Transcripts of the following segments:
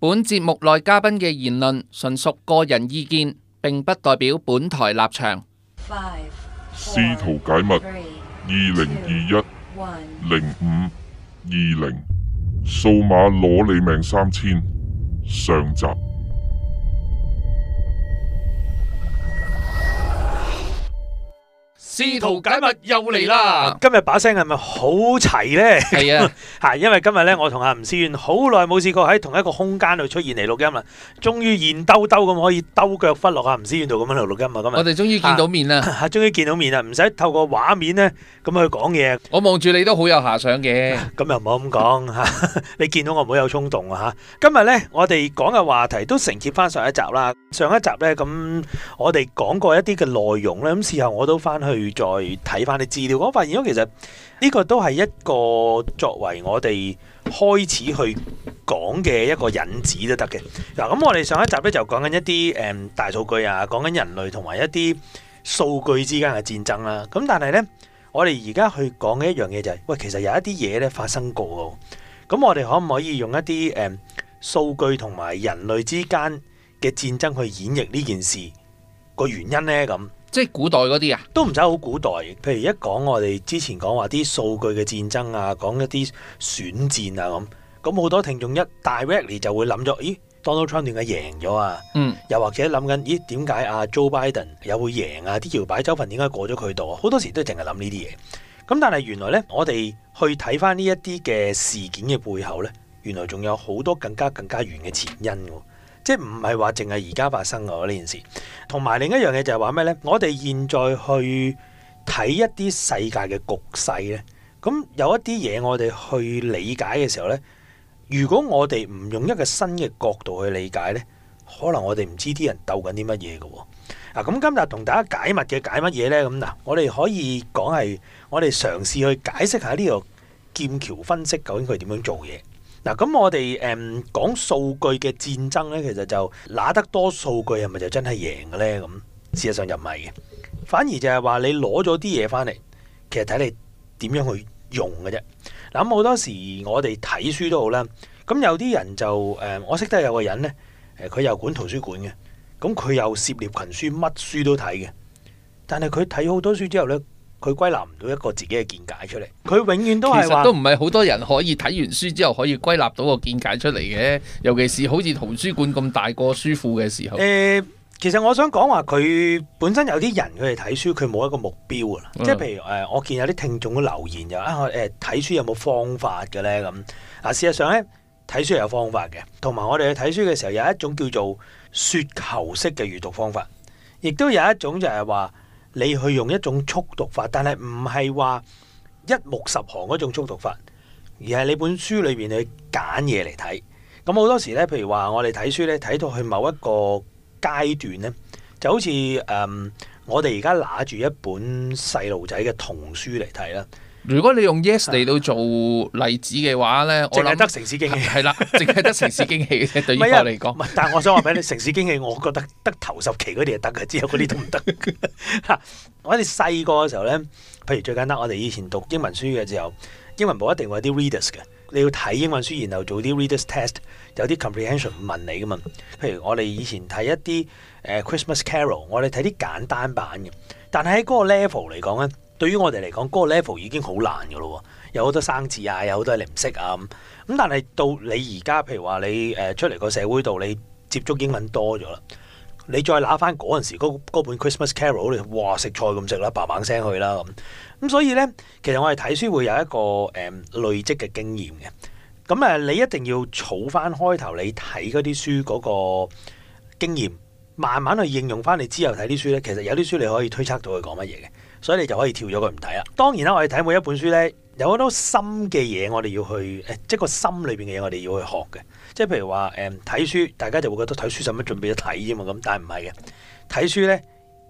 本節目內嘉賓嘅言論純屬個人意見，並不代表本台立場。試圖解密二零二一零五二零，數碼攞你命三千，上集。試圖解密又嚟啦！今日把聲係咪好齊咧？係啊的，係 因為今日咧，我同阿吳思遠好耐冇試過喺同一個空間度出現嚟錄音啦，終於現兜兜咁可以兜腳忽落阿吳思遠度咁樣嚟錄音啊！今日我哋終於見到面啦，係終於見到面啦，唔使透過畫面咧咁去講嘢。我望住你都好有遐想嘅，咁 又唔好咁講吓， 你見到我唔好有衝動啊吓！今日咧，我哋講嘅話題都承接翻上一集啦。上一集咧咁，我哋講過一啲嘅內容咧，咁事後我都翻去。再睇翻啲資料，我發現咗其實呢個都係一個作為我哋開始去講嘅一個引子都得嘅。嗱、嗯，咁我哋上一集咧就講緊一啲誒、嗯、大數據啊，講緊人類同埋一啲數據之間嘅戰爭啦、啊。咁、嗯、但係呢，我哋而家去講嘅一樣嘢就係、是，喂，其實有一啲嘢咧發生過。咁、嗯、我哋可唔可以用一啲誒數據同埋人類之間嘅戰爭去演繹呢件事？個原因咧咁，即係古代嗰啲啊，都唔使好古代。譬如一講我哋之前講話啲數據嘅戰爭啊，講一啲選戰啊咁，咁好多聽眾一 directly 就會諗咗，咦，Donald Trump 點解贏咗啊？嗯，又或者諗緊，咦，點解阿 Joe Biden 又會贏啊？啲搖擺州份點解過咗佢度啊？好多時都淨係諗呢啲嘢。咁但係原來咧，我哋去睇翻呢一啲嘅事件嘅背後咧，原來仲有好多更加更加遠嘅前因㗎、啊。即係唔係話淨係而家發生噶呢件事。同埋另一樣嘢就係話咩呢？我哋現在去睇一啲世界嘅局勢呢，咁有一啲嘢我哋去理解嘅時候呢，如果我哋唔用一個新嘅角度去理解呢，可能我哋唔知啲人鬥緊啲乜嘢噶。嗱、啊，咁今日同大家解密嘅解乜嘢呢？咁嗱，我哋可以講係我哋嘗試去解釋下呢個劍橋分析究竟佢點樣做嘢。嗱，咁、啊、我哋誒、嗯、講數據嘅戰爭咧，其實就拿得多數據係咪就真係贏嘅咧？咁、嗯、事實上唔係嘅，反而就係話你攞咗啲嘢翻嚟，其實睇你點樣去用嘅啫。嗱、啊，咁好多時我哋睇書都好啦，咁有啲人就誒、嗯，我識得有個人咧，誒佢又管圖書館嘅，咁佢又涉獵群書，乜書都睇嘅，但係佢睇好多書之後咧。佢歸納唔到一個自己嘅見解出嚟，佢永遠都係話都唔係好多人可以睇完書之後可以歸納到個見解出嚟嘅，尤其是好似圖書館咁大個書庫嘅時候。誒、欸，其實我想講話，佢本身有啲人佢哋睇書，佢冇一個目標啊，嗯、即係譬如誒、呃，我見有啲聽眾嘅留言就話，誒、呃、睇書有冇方法嘅咧咁啊。事實上咧，睇書有方法嘅，同埋我哋去睇書嘅時候，有一種叫做雪球式嘅閱讀方法，亦都有一種就係話。你去用一種速讀法，但係唔係話一目十行嗰種速讀法，而係你本書裏邊去揀嘢嚟睇。咁好多時咧，譬如話我哋睇書咧，睇到去某一個階段咧，就好似誒、嗯，我哋而家拿住一本細路仔嘅童書嚟睇啦。如果你用 yes 嚟到做例子嘅話咧，啊、我諗想得城市驚喜，係 啦，淨係得城市驚喜嘅啫。對於我嚟講、啊，但係我想話俾你，城市驚喜，我覺得得頭十期嗰啲就得嘅，之後嗰啲都唔得。嚇、 啊！我哋細個嘅時候咧，譬如最簡單，我哋以前讀英文書嘅時候，英文簿一定會有啲 readers 嘅，你要睇英文書，然後做啲 readers test，有啲 comprehension 問你噶嘛。譬如我哋以前睇一啲誒、呃、Christmas Carol，我哋睇啲簡單版嘅，但係喺嗰個 level 嚟講咧。對於我哋嚟講，嗰、那個 level 已經好難㗎咯，有好多生字啊，有好多你唔識啊咁、嗯。但係到你而家，譬如話你誒、呃、出嚟個社會度，你接觸英文多咗啦，你再拿翻嗰陣時嗰本 Christmas Carol 你哇！食菜咁食啦，叭叭聲去啦咁。咁所以呢，其實我哋睇書會有一個誒、呃、累積嘅經驗嘅。咁、嗯、啊，你一定要儲翻開頭你睇嗰啲書嗰個經驗，慢慢去應用翻你之後睇啲書咧。其實有啲書你可以推測到佢講乜嘢嘅。所以你就可以跳咗佢唔睇啦。當然啦，我哋睇每一本書咧，有好多心嘅嘢，我哋要去誒，即係個心裏邊嘅嘢，我哋要去學嘅。即係譬如話誒，睇、嗯、書大家就會覺得睇書使乜準備咗睇啫嘛咁，但係唔係嘅。睇書咧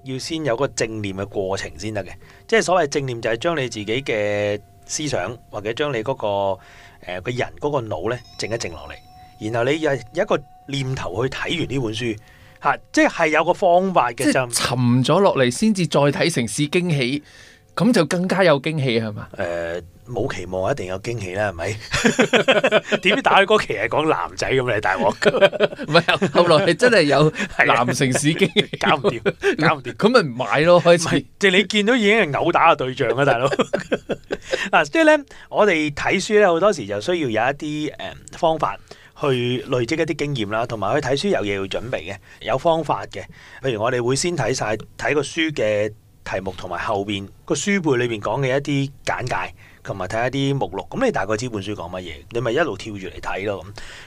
要先有個正念嘅過程先得嘅。即係所謂正念就係將你自己嘅思想或者將你嗰、那個誒個、呃、人嗰個腦咧靜一靜落嚟，然後你有有一個念頭去睇完呢本書。吓，即係有個方法嘅就沉咗落嚟，先至再睇城市驚喜，咁 就更加有驚喜係嘛？誒，冇、呃、期望一定有驚喜啦，係咪？點知 打嗰期係講男仔咁嚟，大鑊！唔係，後來真係有男城市驚喜搞唔掂，搞唔掂，咁咪唔買咯，開始。即係你見到已經係毆打嘅對象啦，大佬。嗱、 啊，即係咧，我哋睇書咧好多時就需要有一啲誒方法。去累積一啲經驗啦，同埋去睇書有嘢要準備嘅，有方法嘅。譬如我哋會先睇晒，睇個書嘅題目，同埋後邊個書背裏面講嘅一啲簡介，同埋睇一啲目錄。咁你大概知本書講乜嘢，你咪一路跳住嚟睇咯。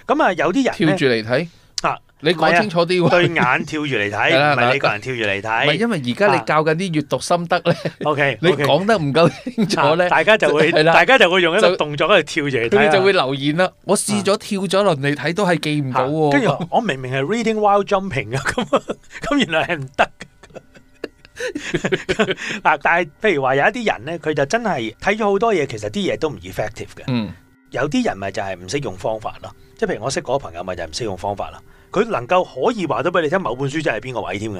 咁咁啊，有啲人跳住嚟睇。啊、你講清楚啲、啊，對眼跳住嚟睇，唔係、啊、你個人跳住嚟睇。唔係、啊啊、因為而家你教緊啲閱讀心得咧。OK，你講得唔夠清楚咧、啊，大家就會，就是、大家就會用一個動作喺度跳住嚟睇。佢就，就會留言啦。啊、我試咗跳咗落嚟睇，都係記唔到。跟住、啊、我明明係 reading while jumping 啊，咁咁原來係唔得。嗱、啊，但係譬如話有一啲人咧，佢就真係睇咗好多嘢，其實啲嘢都唔 effective 嘅。嗯、有啲人咪就係唔識用方法咯，即係譬如我識嗰個朋友咪就唔、係、識用方法啦。佢能夠可以話咗俾你聽，某本書真係邊個位添嘅。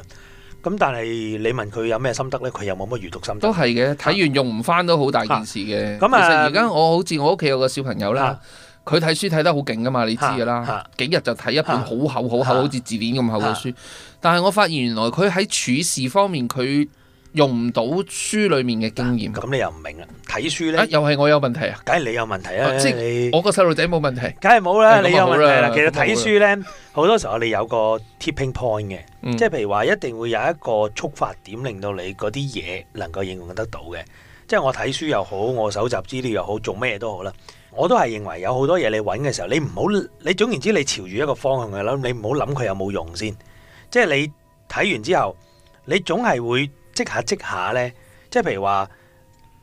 咁但係你問佢有咩心得咧，佢又冇乜閲讀心得。都係嘅，睇完用唔翻都好大件事嘅。咁啊，其實而、啊啊、家我好似我屋企有個小朋友啦，佢睇、啊、書睇得好勁噶嘛，你知㗎啦，啊啊、幾日就睇一本好厚好厚，啊啊啊、好似字典咁厚嘅書。啊啊啊、但係我發現原來佢喺處事方面佢用唔到書裏面嘅經驗，咁、啊、你又唔明啦？睇書咧、啊，又係我有問題啊？梗係你有問題啦！即係我個細路仔冇問題，梗係冇啦！你有問題啦！其實睇書咧，好多時候我哋有個 tipping point 嘅，嗯、即係譬如話，一定會有一個觸發點，令到你嗰啲嘢能夠應用得到嘅。即係我睇書又好，我搜集資料又好，做咩都好啦。我都係認為有好多嘢你揾嘅時候，你唔好你總言之，你朝住一個方向去諗，你唔好諗佢有冇用先。即係你睇完之後，你總係會,會。即下即下咧，即係譬如話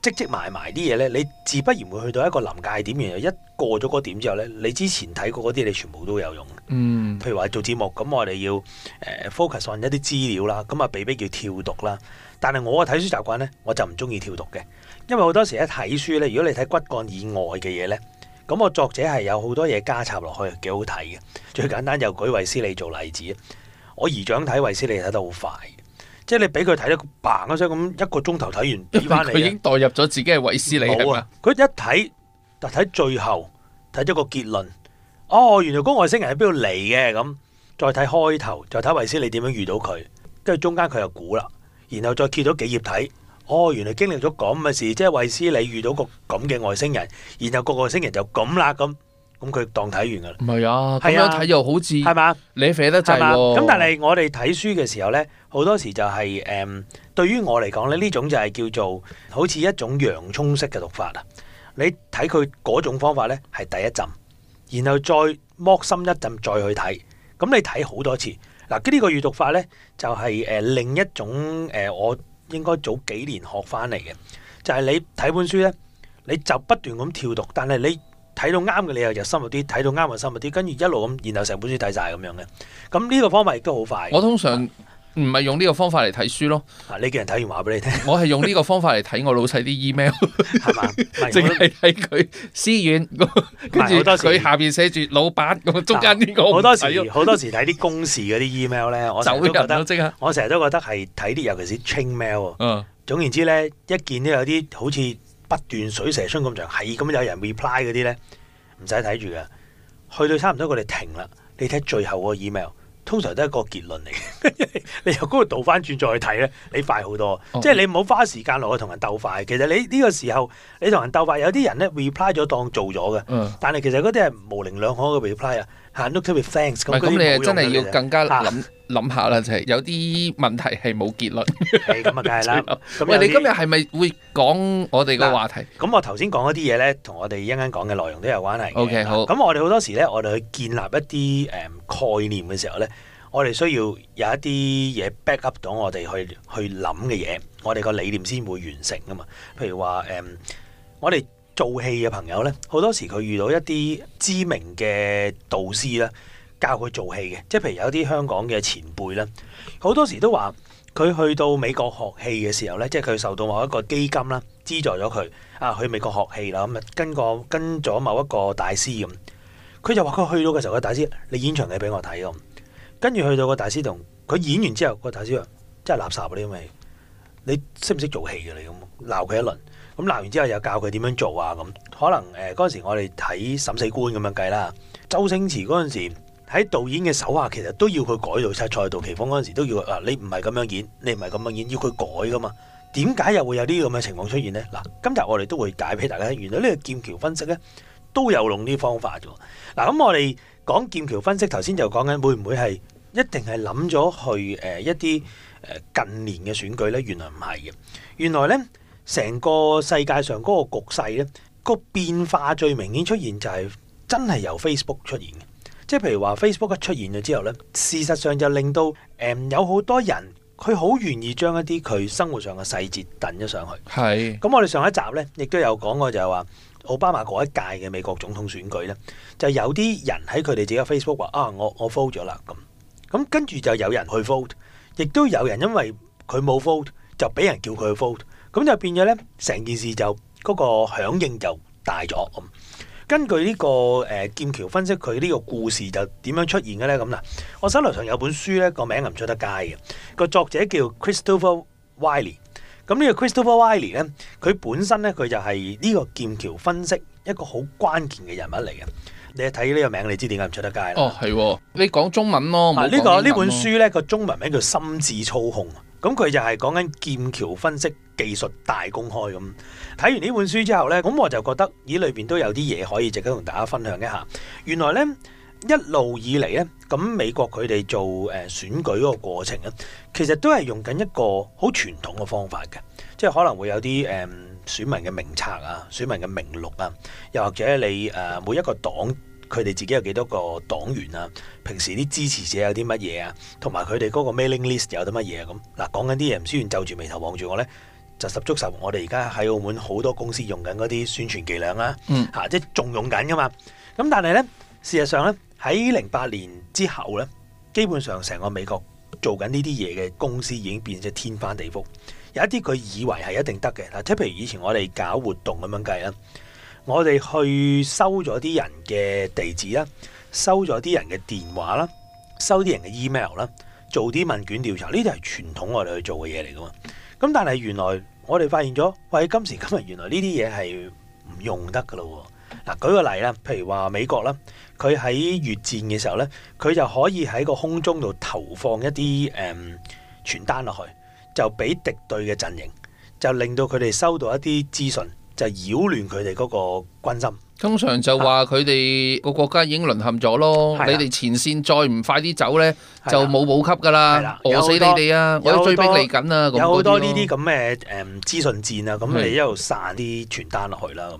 積積埋埋啲嘢咧，你自不然會去到一個臨界點，然後一過咗嗰點之後咧，你之前睇過嗰啲你全部都有用。嗯，譬如話做節目，咁我哋要誒 focus on 一啲資料啦，咁啊被逼叫跳讀啦。但係我嘅睇書習慣咧，我就唔中意跳讀嘅，因為好多時一睇書咧，如果你睇骨幹以外嘅嘢咧，咁我作者係有好多嘢加插落去，幾好睇嘅。最簡單又舉衛斯理做例子，我姨丈睇衛斯理睇得好快。即係你俾佢睇咧，bang 一聲咁一個鐘頭睇完俾翻你，佢已經代入咗自己係韋斯利好啊，佢嗎一睇，就睇最後睇咗個結論哦，原來嗰外星人喺邊度嚟嘅咁，再睇開頭，再睇韋斯利點樣遇到佢，跟住中間佢又估啦，然後再揭咗幾頁睇，哦，原來經歷咗咁嘅事，即係韋斯利遇到個咁嘅外星人，然後個外星人就咁啦咁，咁佢當睇完噶啦。唔係啊，咁樣，睇又好似係嘛？你肥得滯咁，但係我哋睇書嘅時候咧。好多時就係、是、誒、嗯，對於我嚟講咧，呢種就係叫做好似一種洋葱式嘅讀法啊！你睇佢嗰種方法咧，係第一浸，然後再剝深一浸再去睇，咁、嗯、你睇好多次。嗱，呢個閱讀法咧就係、是、誒另一種誒、呃，我應該早幾年學翻嚟嘅，就係、是、你睇本書咧，你就不斷咁跳讀，但係你睇到啱嘅你又入深入啲，睇到啱嘅深入啲，跟住一路咁，然後成本書睇晒。咁樣嘅。咁、嗯、呢、這個方法亦都好快。我通常。 唔係用呢個方法嚟睇書咯。嗱，你叫人睇完話俾你聽。我係用呢個方法嚟睇我老細啲 email，係嘛？淨係睇佢私怨， 跟住好多佢下邊寫住老闆，中間呢個我、啊、好多時好多時睇啲公事嗰啲 email 咧，我成日都覺得，刻我成日都覺得係睇啲，尤其是 chain mail。嗯，總言之咧，一見都有啲好似不斷水蛇春咁長，係咁有人 reply 嗰啲咧，唔使睇住嘅，去到差唔多，佢哋停啦。你睇最後個 email。通常都係一個結論嚟嘅，你由嗰度倒翻轉再去睇咧，你快好多。Okay. 即係你唔好花時間落去同人鬥快。其實你呢個時候你同人鬥快，有啲人咧 reply 咗當做咗嘅，mm. 但係其實嗰啲係模棱兩可嘅 reply 啊。都特別 fans 咁，咁你真係要更加諗諗、啊、下啦，就係、是、有啲問題係冇結論，係咁啊，梗係啦。喂後，你今日係咪會講我哋個話題？咁我頭先講嗰啲嘢咧，同我哋一陣間講嘅內容都有關係。OK，好。咁我哋好多時咧，我哋去建立一啲誒、um, 概念嘅時候咧，我哋需要有一啲嘢 back up 到我哋去去諗嘅嘢，我哋個理念先會完成噶嘛。譬如話誒，um, 我哋。做戲嘅朋友呢，好多時佢遇到一啲知名嘅導師啦，教佢做戲嘅。即係譬如有啲香港嘅前輩啦。好多時都話佢去到美國學戲嘅時候呢，即係佢受到某一個基金啦資助咗佢啊去美國學戲啦。咁啊跟過跟咗某一個大師咁，佢就話佢去到嘅時候，個大師，你演場戲俾我睇咁，跟住去到個大師同佢演完之後，個大師話真係垃圾嗰啲咪。你識唔識做戲嘅，你咁鬧佢一輪，咁鬧完之後又教佢點樣做啊？咁可能誒嗰陣時我哋睇《審死官》咁樣計啦。周星馳嗰陣時喺導演嘅手下，其實都要佢改到，即係杜琪峯。嗰陣時都要啊！你唔係咁樣演，你唔係咁樣演，要佢改噶嘛？點解又會有啲咁嘅情況出現呢？嗱、啊，今日我哋都會解俾大家。原來呢個劍橋分析咧都有用呢方法嘅。嗱、啊，咁我哋講劍橋分析，頭先就講緊會唔會係一定係諗咗去誒、呃、一啲。近年嘅選舉呢，原來唔係嘅。原來呢，成個世界上嗰個局勢呢，個變化最明顯出現就係、是、真係由 Facebook 出現嘅。即係譬如話 Facebook 一出現咗之後呢，事實上就令到誒、嗯、有好多人佢好願意將一啲佢生活上嘅細節掟咗上去。係是。咁、嗯、我哋上一集呢，亦都有講過就係話奧巴馬嗰一屆嘅美國總統選舉呢，就有啲人喺佢哋自己嘅 Facebook 話啊，我我 vote 咗啦咁，咁跟住就有人去 vote 亦都有人因為佢冇 vote 就俾人叫佢去 vote，咁就變咗咧，成件事就嗰個響應就大咗。咁根據呢個誒劍橋分析，佢呢個故事就點樣出現嘅咧？咁啦，我手頭上有本書咧，個名又唔出得街嘅，個作者叫 Christopher Wiley。咁呢個 Christopher Wiley 咧，佢本身咧佢就係呢個劍橋分析一個好關鍵嘅人物嚟嘅。你睇呢個名，你知點解唔出得街啦？哦，係。你講中文咯？呢、啊這個呢本書呢個中文名叫《心智操控》，咁、嗯、佢就係講緊劍橋分析技術大公開咁。睇完呢本書之後呢，咁我就覺得，咦，裏邊都有啲嘢可以值得同大家分享一下。原來呢一路以嚟呢，咁美國佢哋做誒、呃、選舉嗰個過程呢，其實都係用緊一個好傳統嘅方法嘅，即係可能會有啲誒、呃、選民嘅名冊啊、選民嘅名錄啊，又或者你誒、呃、每一個黨，佢哋自己有幾多個黨員啊？平時啲支持者有啲乜嘢啊？同埋佢哋嗰個 mailing list 有啲乜嘢啊？咁嗱，講緊啲嘢。唔需要皺住眉頭望住我呢，就十足十我哋而家喺澳門好多公司用緊嗰啲宣傳伎倆啦、啊，嚇、嗯啊、即係仲用緊噶嘛。咁但係呢，事實上呢，喺零八年之後呢，基本上成個美國做緊呢啲嘢嘅公司已經變咗天翻地覆。有一啲佢以為係一定得嘅，嗱，即係譬如以前我哋搞活動咁樣計啦。我哋去收咗啲人嘅地址啦，收咗啲人嘅電話啦，收啲人嘅 email 啦，做啲問卷調查，呢啲係傳統我哋去做嘅嘢嚟噶嘛。咁但係原來我哋發現咗，喂，今時今日原來呢啲嘢係唔用得噶咯。嗱，舉個例啦，譬如話美國啦，佢喺越戰嘅時候咧，佢就可以喺個空中度投放一啲誒、呃、傳單落去，就俾敵對嘅陣營，就令到佢哋收到一啲資訊。就擾亂佢哋嗰個軍心。通常就話佢哋個國家已經淪陷咗咯。的你哋前線再唔快啲走咧，的就冇補給噶啦。餓的死你哋啊！有我哋追兵嚟緊啊！有好多呢啲咁嘅誒資訊戰啊，咁你一路散啲傳單落去啦。的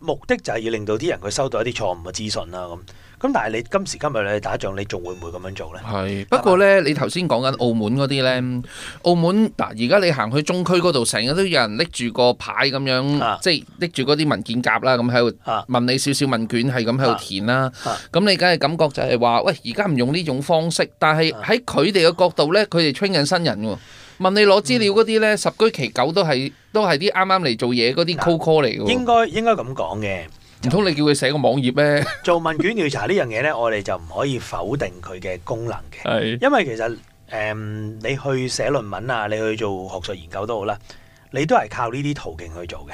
目的就係要令到啲人佢收到一啲錯誤嘅資訊啦咁。咁但係你今時今日你打仗你仲會唔會咁樣做呢？係，不過呢，嗯、你頭先講緊澳門嗰啲呢，澳門嗱而家你行去中區嗰度，成日都有人拎住個牌咁樣，啊、即係拎住嗰啲文件夾啦，咁喺度問你少少問卷，係咁喺度填啦。咁、啊啊、你梗係感覺就係話，喂，而家唔用呢種方式，但係喺佢哋嘅角度呢，佢哋 train 緊新人喎，問你攞資料嗰啲呢，嗯、十居其九都係都係啲啱啱嚟做嘢嗰啲 co co 嚟嘅。應該應該咁講嘅。唔通你叫佢寫個網頁咩？ 做問卷調查呢樣嘢呢，我哋就唔可以否定佢嘅功能嘅。是因為其實誒、嗯，你去寫論文啊，你去做學術研究都好啦，你都係靠呢啲途徑去做嘅。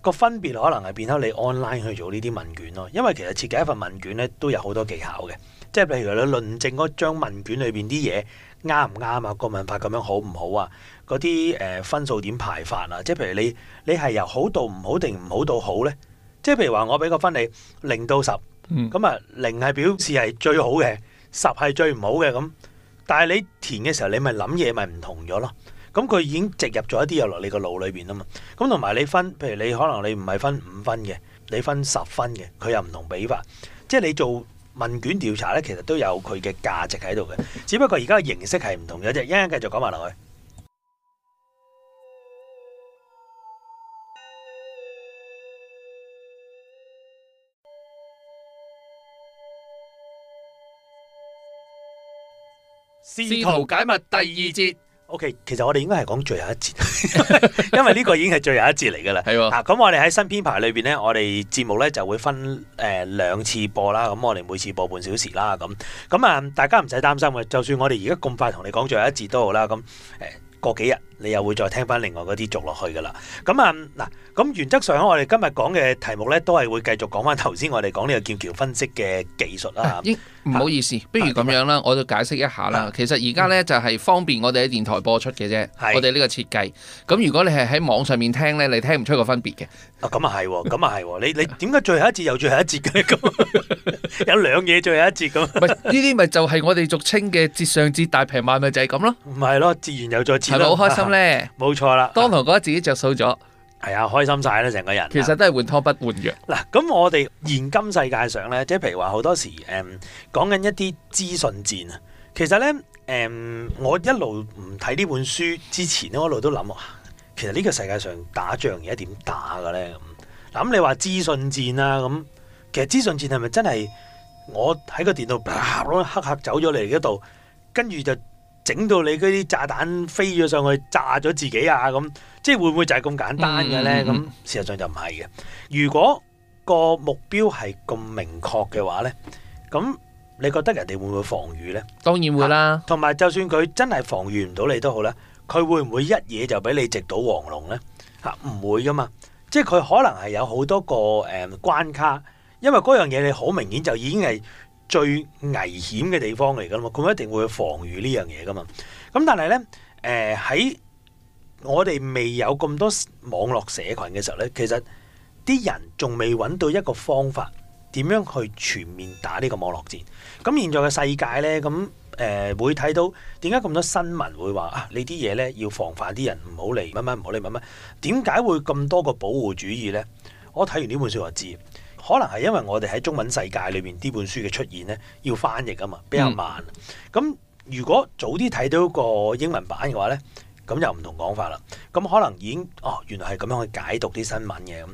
個分別可能係變咗你 online 去做呢啲問卷咯。因為其實設計一份問卷呢都有好多技巧嘅。即係譬如你論證嗰張問卷裏邊啲嘢啱唔啱啊？個問法咁樣好唔好啊？嗰啲誒分數點排法啊？即係譬如你你係由好到唔好定唔好到好呢？即係譬如話我俾個分你零到十，咁啊零係表示係最好嘅，十係最唔好嘅咁。但係你填嘅時候你咪諗嘢咪唔同咗咯。咁佢已經植入咗一啲入落你個腦裏邊啊嘛。咁同埋你分，譬如你可能你唔係分五分嘅，你分十分嘅，佢又唔同比法。即係你做問卷調查咧，其實都有佢嘅價值喺度嘅。只不過而家嘅形式係唔同，嘅啫，一繼續講埋落去。試圖解密第二節，OK，其實我哋應該係講最後一節， 因為呢個已經係最後一節嚟噶啦。係咁、 啊、我哋喺新編排裏邊呢，我哋節目呢就會分誒兩、呃、次播啦。咁我哋每次播半小時啦。咁咁啊，大家唔使擔心嘅，就算我哋而家咁快同你講最後一節都好啦。咁誒、呃，過幾日。你又會再聽翻另外嗰啲續落去噶啦，咁啊嗱，咁原則上我哋今日講嘅題目咧，都係會繼續講翻頭先我哋講呢個劍橋分析嘅技術啦。唔、哎、好意思，是不如咁樣啦，啊嗯、我就解釋一下啦。啊、其實而家咧就係、是、方便我哋喺電台播出嘅啫，是我哋呢個設計。咁如果你係喺網上面聽咧，你聽唔出個分別嘅。啊，咁啊係，咁啊係。你你點解最後一節又最後一節嘅咁？ 有兩嘢最後一節咁。呢啲咪就係我哋俗稱嘅節上節大平賣，咪就係、是、咁咯。唔係咯，節完又再節，係咪好開心？ 咧冇錯啦，錯當堂覺得自己着數咗，係啊、哎，開心晒啦成個人。其實都係換湯不換藥。嗱、啊，咁我哋現今世界上咧，即係譬如話好多時，誒、嗯，講緊一啲資訊戰、嗯、啊。其實咧，誒，我一路唔睇呢本書之前咧，我一路都諗啊，其實呢個世界上打仗而家點打嘅咧？嗱，咁你話資訊戰啊，咁其實資訊戰係咪真係我喺個電腦啪攞黑客走咗嚟，嗰度，跟住就？整到你嗰啲炸彈飛咗上去炸咗自己啊！咁即係會唔會就係咁簡單嘅咧？咁、嗯、事實上就唔係嘅。如果個目標係咁明確嘅話咧，咁你覺得人哋會唔會防禦咧？當然會啦。同埋、啊、就算佢真係防禦唔到你都好啦，佢會唔會一嘢就俾你直到黃龍咧？吓、啊、唔會噶嘛。即係佢可能係有好多個誒、嗯、關卡，因為嗰樣嘢你好明顯就已經係。最危險嘅地方嚟㗎嘛？佢一定會去防禦呢樣嘢㗎嘛？咁但係呢，誒、呃、喺我哋未有咁多網絡社群嘅時候呢，其實啲人仲未揾到一個方法點樣去全面打呢個網絡戰。咁現在嘅世界呢，咁、呃、誒會睇到點解咁多新聞會話啊，呢啲嘢呢，要防範啲人唔好嚟，乜乜唔好嚟，乜乜點解會咁多個保護主義呢？我睇完呢本書就知。可能係因為我哋喺中文世界裏面呢本書嘅出現咧要翻譯啊嘛，比較慢。咁、嗯、如果早啲睇到個英文版嘅話咧，咁又唔同講法啦。咁可能已經哦，原來係咁樣去解讀啲新聞嘅咁。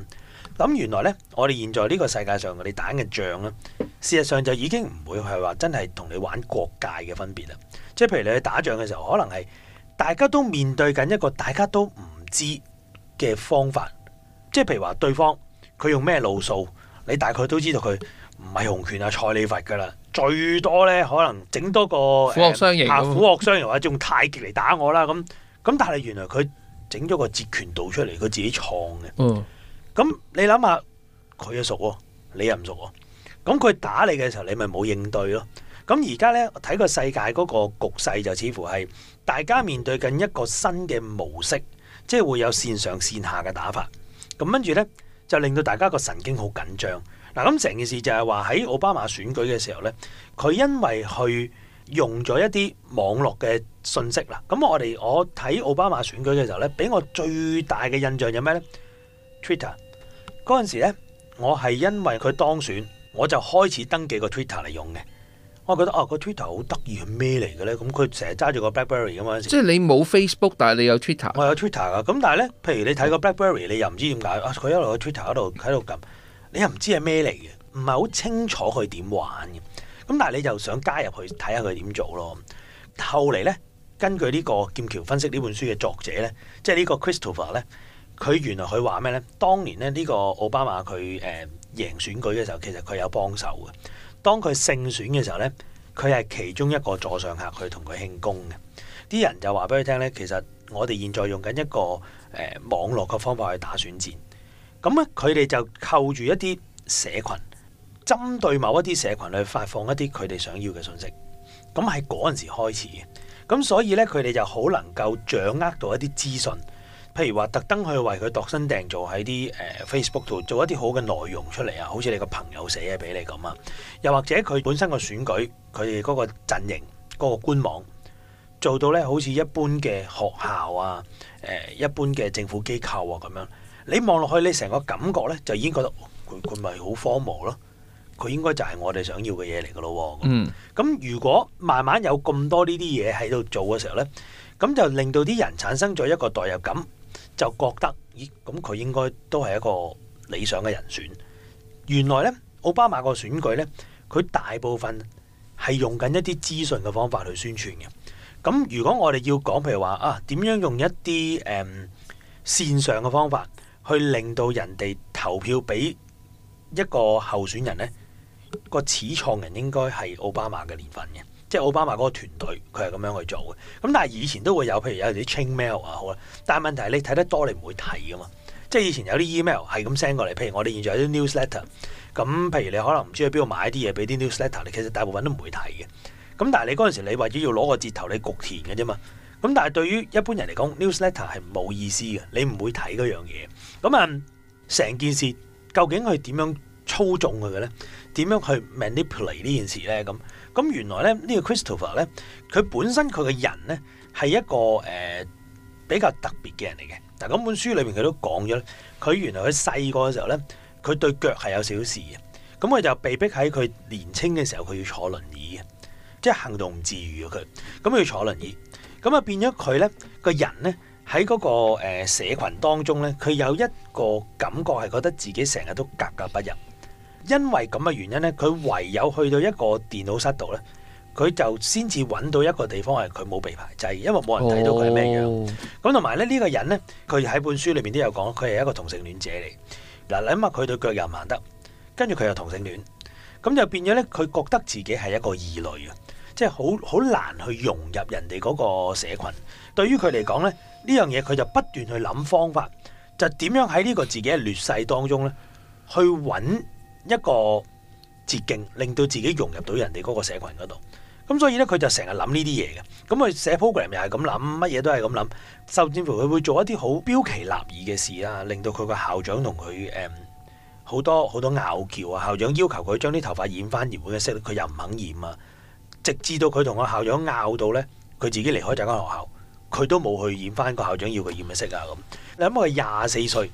咁原來咧，我哋現在呢個世界上我哋打嘅仗咧，事實上就已經唔會係話真係同你玩國界嘅分別啦。即係譬如你去打仗嘅時候，可能係大家都面對緊一個大家都唔知嘅方法。即係譬如話對方佢用咩路數？你大概都知道佢唔係洪拳啊、蔡李佛噶啦，最多咧可能整多個虎鶴雙形，啊虎鶴雙形或者用太極嚟打我啦，咁咁但係原來佢整咗個截拳道出嚟，佢自己創嘅。嗯，咁你諗下，佢又熟，你又唔熟，咁佢打你嘅時候，你咪冇應對咯。咁而家咧，睇個世界嗰個局勢就似乎係大家面對緊一個新嘅模式，即係會有綫上綫下嘅打法。咁跟住咧。就令到大家個神經好緊張嗱，咁成件事就係話喺奧巴馬選舉嘅時候呢，佢因為去用咗一啲網絡嘅信息啦，咁我哋我睇奧巴馬選舉嘅時候呢，俾我最大嘅印象有咩呢？Twitter 嗰陣時呢，我係因為佢當選，我就開始登記個 Twitter 嚟用嘅。我覺得哦，個 Twitter 好得意係咩嚟嘅咧？咁佢成日揸住個 BlackBerry 咁嘛，即係你冇 Facebook，但係你有 Twitter。我有 Twitter 噶，咁、嗯、但係咧，譬如你睇個 BlackBerry，你又唔知點解啊，佢一路喺 Twitter，嗰度喺度撳，你又唔知係咩嚟嘅，唔係好清楚佢點玩嘅。咁、嗯、但係你就想加入去睇下佢點做咯。後嚟咧，根據呢個劍橋分析呢本書嘅作者咧，即係呢個 Christopher 咧，佢原來佢話咩咧？當年咧呢、呢個奧巴馬佢誒、呃、贏選舉嘅時候，其實佢有幫手嘅。當佢勝選嘅時候呢，佢係其中一個座上客去同佢慶功嘅。啲人就話俾佢聽呢，其實我哋現在用緊一個誒、呃、網絡嘅方法去打選戰。咁、嗯、咧，佢哋就扣住一啲社群，針對某一啲社群去發放一啲佢哋想要嘅信息。咁喺嗰陣時開始嘅，咁、嗯、所以呢，佢哋就好能夠掌握到一啲資訊。譬如話，特登去為佢度身訂造喺啲誒 Facebook 度做一啲好嘅內容出嚟啊，好似你個朋友寫嘢俾你咁啊。又或者佢本身個選舉，佢哋嗰個陣營、嗰、嗰個官網做到咧，好似一般嘅學校啊、誒、呃、一般嘅政府機構咁、啊、樣，你望落去，你成個感覺咧就已經覺得佢佢咪好荒謬咯。佢應該就係我哋想要嘅嘢嚟嘅咯。嗯。咁如果慢慢有咁多呢啲嘢喺度做嘅時候咧，咁就令到啲人產生咗一個代入感。就覺得咦，咁佢應該都係一個理想嘅人選。原來呢，奧巴馬個選舉呢，佢大部分係用緊一啲資訊嘅方法去宣傳嘅。咁如果我哋要講，譬如話啊，點樣用一啲誒、嗯、線上嘅方法去令到人哋投票俾一個候選人呢，個始創人應該係奧巴馬嘅年份嘅。即係奧巴馬嗰個團隊，佢係咁樣去做嘅。咁但係以前都會有，譬如有啲 chain mail 啊，好啦。但係問題係你睇得多，你唔會睇噶嘛。即係以前有啲 email 係咁 send 過嚟，譬如我哋現在有啲 newsletter。咁譬如你可能唔知去邊度買啲嘢俾啲 newsletter，你其實大部分都唔會睇嘅。咁但係你嗰陣時，你為咗要攞個折頭，你焗填嘅啫嘛。咁但係對於一般人嚟講，newsletter 係冇意思嘅，你唔會睇嗰樣嘢。咁啊，成件事究竟佢點樣操縱佢嘅咧？點樣去 manipulate 呢件事咧？咁。咁原來咧，呢個 Christopher 咧，佢本身佢嘅人咧係一個誒、呃、比較特別嘅人嚟嘅。嗱，咁本書裏面佢都講咗，佢原來佢細個嘅時候咧，佢對腳係有少少事嘅。咁佢就被逼喺佢年青嘅時候，佢要坐輪椅嘅，即係行動唔自如嘅佢。咁佢要坐輪椅，咁啊變咗佢咧個人咧喺嗰個、呃、社群當中咧，佢有一個感覺係覺得自己成日都格格不入。因為咁嘅原因咧，佢唯有去到一個電腦室度咧，佢就先至揾到一個地方係佢冇被排擠，就係、因為冇人睇到佢係咩樣。咁同埋咧，呢、這個人咧，佢喺本書裏面都有講，佢係一個同性戀者嚟。嗱，諗下佢對腳又唔行得，跟住佢又同性戀，咁就變咗咧，佢覺得自己係一個異類啊，即係好好難去融入人哋嗰個社群。對於佢嚟講咧，呢樣嘢，佢就不斷去諗方法，就點樣喺呢個自己嘅劣勢當中咧，去揾。一個捷徑，令到自己融入到人哋嗰個社群嗰度。咁所以咧，佢就成日諗呢啲嘢嘅。咁佢寫 program 又係咁諗，乜嘢都係咁諗。甚至乎佢會做一啲好標奇立異嘅事啊，令到佢個校長同佢誒好多好多拗撬啊。校長要求佢將啲頭髮染翻原本嘅色，佢又唔肯染啊。直至到佢同個校長拗到咧，佢自己離開咗嗰間學校，佢都冇去染翻個校長要佢染嘅色啊。咁你諗佢廿四歲。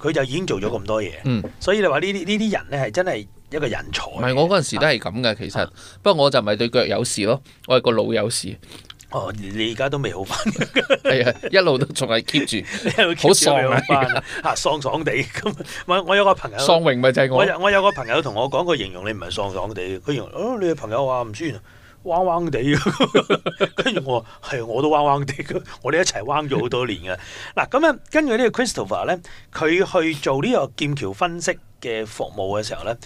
佢就已經做咗咁多嘢，嗯，所以你話呢啲呢啲人咧係真係一個人才。唔係我嗰陣時都係咁嘅，啊、其實，不過我就唔係對腳有事咯，我係個腦有事。哦，你而家都未好翻？係啊， 一路都仲係 keep 住，好現在 喪啊，嚇，喪爽地咁。我有個朋友，喪榮咪就係我。我有個朋友同我講，佢形容你唔係喪爽地，佢形容，哦，你嘅朋友話唔舒彎彎地，跟住我係我都彎彎地，我哋一齊彎咗好多年嘅。嗱，咁樣跟住呢個 Christopher 咧，佢去做呢個劍橋分析嘅服務嘅時候咧，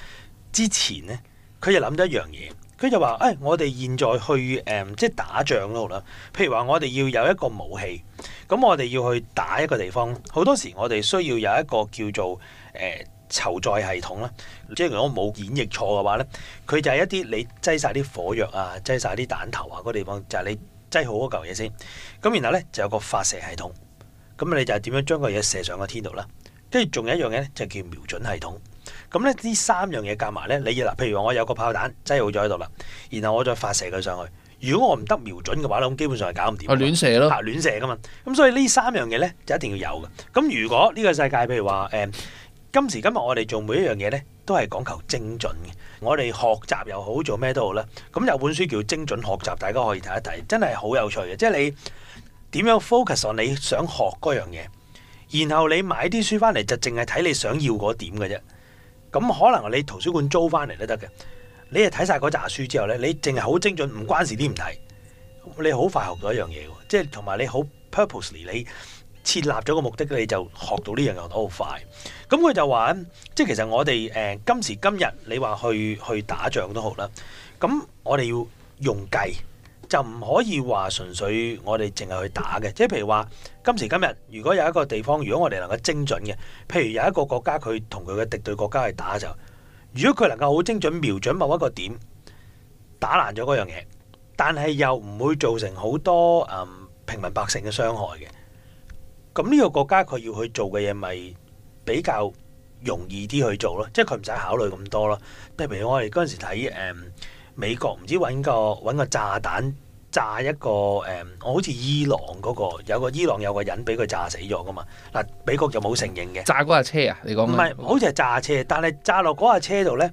之前咧佢就諗咗一樣嘢，佢就話：，誒、哎，我哋現在去誒、呃，即係打仗嗰度啦。譬如話我哋要有一個武器，咁我哋要去打一個地方，好多時我哋需要有一個叫做誒。呃裝載系統啦，即係如果冇演繹錯嘅話咧，佢就係一啲你擠晒啲火藥啊，擠晒啲彈頭啊，個地方就係、是、你擠好嗰嚿嘢先。咁然後咧就有個發射系統，咁你就係點樣將個嘢射上個天度啦。跟住仲有一樣嘢咧就叫瞄準系統。咁咧呢三樣嘢夾埋咧，你要嗱，譬如話我有個炮彈擠好咗喺度啦，然後我再發射佢上去。如果我唔得瞄準嘅話咧，咁基本上係搞唔掂。射啊，亂射咯，瞎亂射噶嘛。咁所以呢三樣嘢咧就一定要有嘅。咁如果呢個世界譬如話誒。嗯今時今日我哋做每一樣嘢咧，都係講求精準嘅。我哋學習又好，做咩都好啦。咁有本書叫《精準學習》，大家可以睇一睇，真係好有趣嘅。即係你點樣 focus on 你想學嗰樣嘢，然後你買啲書翻嚟就淨係睇你想要嗰點嘅啫。咁可能你圖書館租翻嚟都得嘅，你係睇晒嗰紮書之後咧，你淨係好精準，唔關事啲唔睇，你好快學到一樣嘢嘅。即係同埋你好 purposely 你。設立咗個目的，你就學到呢樣嘢都好快。咁佢就話即係其實我哋誒、呃、今時今日，你話去去打仗都好啦。咁我哋要用計，就唔可以話純粹我哋淨係去打嘅。即係譬如話今時今日，如果有一個地方，如果我哋能夠精準嘅，譬如有一個國家佢同佢嘅敵對國家去打，就如果佢能夠好精準瞄準某一個點，打爛咗嗰樣嘢，但係又唔會造成好多誒、嗯、平民百姓嘅傷害嘅。咁呢個國家佢要去做嘅嘢，咪比較容易啲去做咯？即係佢唔使考慮咁多咯。即係譬如我哋嗰陣時睇誒、嗯、美國，唔知揾個揾個炸彈炸一個誒，我、嗯、好似伊朗嗰、嗰個有個伊朗有個人俾佢炸死咗噶嘛？嗱，美國就冇承認嘅。炸嗰架車啊？你講唔係，好似係炸車，但係炸落嗰架車度咧，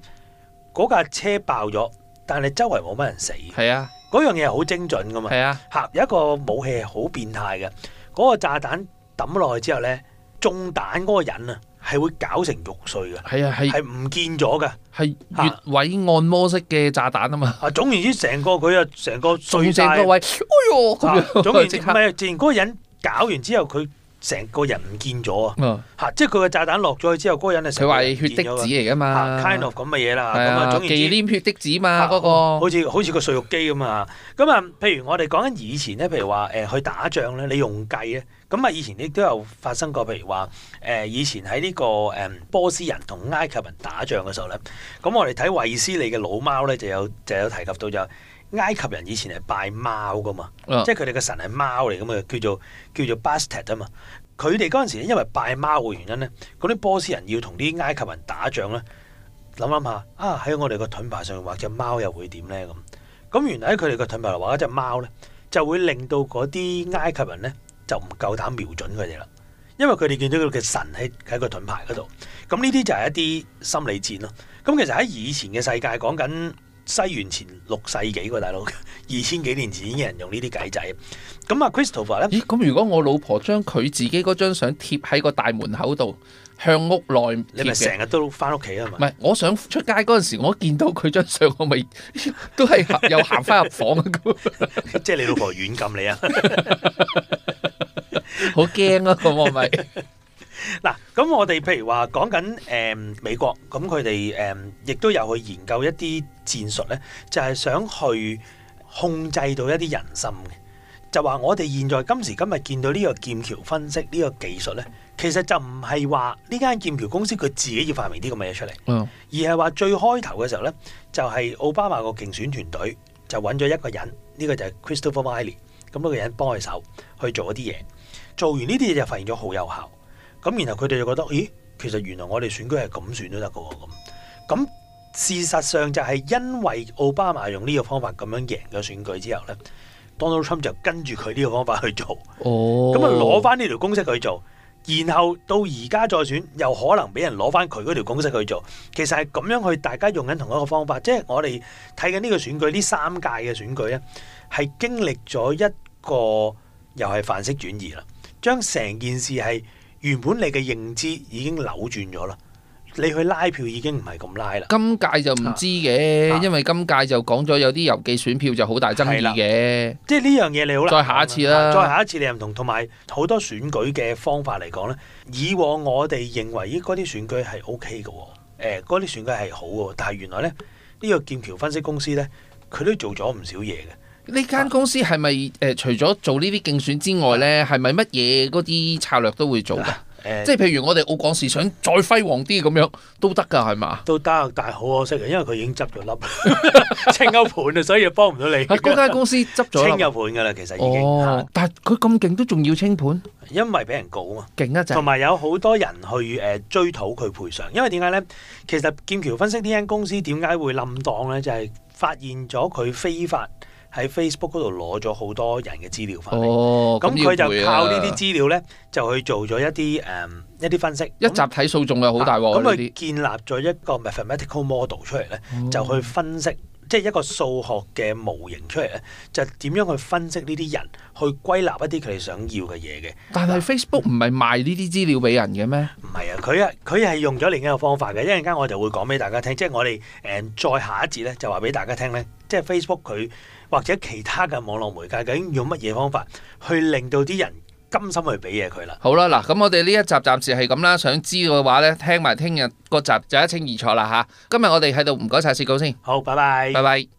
嗰架車爆咗，但係周圍冇乜人死。係啊，嗰樣嘢好精準噶嘛。係啊，嚇有一個武器係好變態嘅，嗰、嗰個、炸彈。抌落去之後咧，中彈嗰個人啊，係會搞成肉碎嘅，係啊係，係唔見咗嘅，係穴位按摩式嘅炸彈啊嘛。啊，總言之，成個佢啊，成個碎晒。成個位，哎呦，總言之，唔係，自然嗰個人搞完之後，佢成個人唔見咗啊。吓，即係佢嘅炸彈落咗去之後，嗰個人啊，佢話血滴子嚟噶嘛，kind of 咁嘅嘢啦，咁啊，忌廉血滴子嘛，個好似好似個碎肉機咁嘛。咁啊，譬如我哋講緊以前咧，譬如話誒去打仗咧，你用計咧。咁啊！以前亦都有發生過，譬如話誒、呃，以前喺呢、這個誒、嗯、波斯人同埃及人打仗嘅時候咧，咁、嗯、我哋睇衛斯理嘅老貓咧，就有就有提及到就是、埃及人以前係拜貓噶嘛，嗯、即係佢哋嘅神係貓嚟噶嘛，叫做叫做 Bastet 啊嘛。佢哋嗰陣時因為拜貓嘅原因咧，咁啲波斯人要同啲埃及人打仗咧，諗諗下啊，喺我哋個盾牌上面畫隻貓又會點咧？咁咁原來喺佢哋個盾牌嚟畫一隻貓咧，就會令到嗰啲埃及人咧。就唔夠膽瞄準佢哋啦，因為佢哋見到佢嘅神喺喺個盾牌嗰度，咁呢啲就係一啲心理戰咯。咁其實喺以前嘅世界講緊。西元前六世紀喎、啊，大佬二千幾年前已經有人用呢啲戒指。咁啊，Christopher 咧，咦？咁如果我老婆將佢自己嗰張相貼喺個大門口度，向屋內，你咪成日都返屋企啊？嘛，唔係，我想出街嗰陣時，我見到佢張相，我咪都係又行返入房。即係你老婆軟禁你啊？ 好驚啊！咁我咪～嗱，咁我哋譬如話講緊誒美國咁，佢哋誒亦都有去研究一啲戰術咧，就係、是、想去控制到一啲人心嘅。就話我哋現在今時今日見到呢個劍橋分析呢個技術咧，其實就唔係話呢間劍橋公司佢自己要發明啲咁嘅嘢出嚟，mm. 而係話最開頭嘅時候咧，就係、是、奧巴馬個競選團隊就揾咗一個人，呢、這個就係 Christopher Wylie，咁呢個人幫佢手去做一啲嘢，做完呢啲嘢就發現咗好有效。咁，然後佢哋就覺得，咦，其實原來我哋選舉係咁選都得㗎喎。咁，咁事實上就係因為奧巴馬用呢個方法咁樣贏咗選舉之後咧，Donald Trump 就跟住佢呢個方法去做哦。咁啊，攞翻呢條公式去做，然後到而家再選又可能俾人攞翻佢嗰條公式去做。其實係咁樣去，大家用緊同一個方法，即係我哋睇緊呢個選舉呢三屆嘅選舉咧，係經歷咗一個又係範式轉移啦，將成件事係。原本你嘅認知已經扭轉咗啦，你去拉票已經唔係咁拉啦。今屆就唔知嘅，啊、因為今屆就講咗有啲郵寄選票就好大爭議嘅。即係呢樣嘢你好啦，再下一次啦，再下一次你又唔同，同埋好多選舉嘅方法嚟講呢，以往我哋認為依嗰啲選舉係 O K 嘅，誒、呃，嗰啲選舉係好嘅，但係原來呢，呢、這個劍橋分析公司呢，佢都做咗唔少嘢嘅。呢間公司係咪誒，除咗做呢啲競選之外咧，係咪乜嘢嗰啲策略都會做噶？啊呃、即係譬如我哋澳廣視想再輝煌啲咁樣都得噶係嘛？都得，但係好可惜嘅，因為佢已經執咗笠 清咗盤，所以幫唔到你。嗰、啊、間公司執清咗盤噶啦，其實已經。哦、但係佢咁勁都仲要清盤，因為俾人告啊嘛。勁啊，就同埋有好多人去誒、呃、追討佢賠償，因為點解咧？其實劍橋分析呢間公司點解會冧檔咧？就係、是、發現咗佢非法。喺 Facebook 嗰度攞咗好多人嘅資料翻嚟，咁佢、哦嗯、就靠呢啲資料咧，嗯、就去做咗一啲誒、嗯、一啲分析。一集體數仲有好大鑊，咁佢建立咗一個 mathematical model 出嚟咧，哦、就去分析，即係一個數學嘅模型出嚟咧，就點樣去分析呢啲人，去歸納一啲佢哋想要嘅嘢嘅。但係 Facebook 唔係賣呢啲資料俾人嘅咩？唔係、嗯、啊，佢啊佢係用咗另一個方法嘅。一陣間我就會講俾大家聽，即係我哋誒再下一節咧，就話俾大家聽咧，即係 Facebook 佢。或者其他嘅網絡媒介，究竟用乜嘢方法去令到啲人甘心去俾嘢佢啦？好啦，嗱，咁我哋呢一集暫時係咁啦。想知道嘅話呢，聽埋聽日嗰集就一清二楚啦吓，今日我哋喺度唔該晒。視稿先，好，拜拜，拜拜。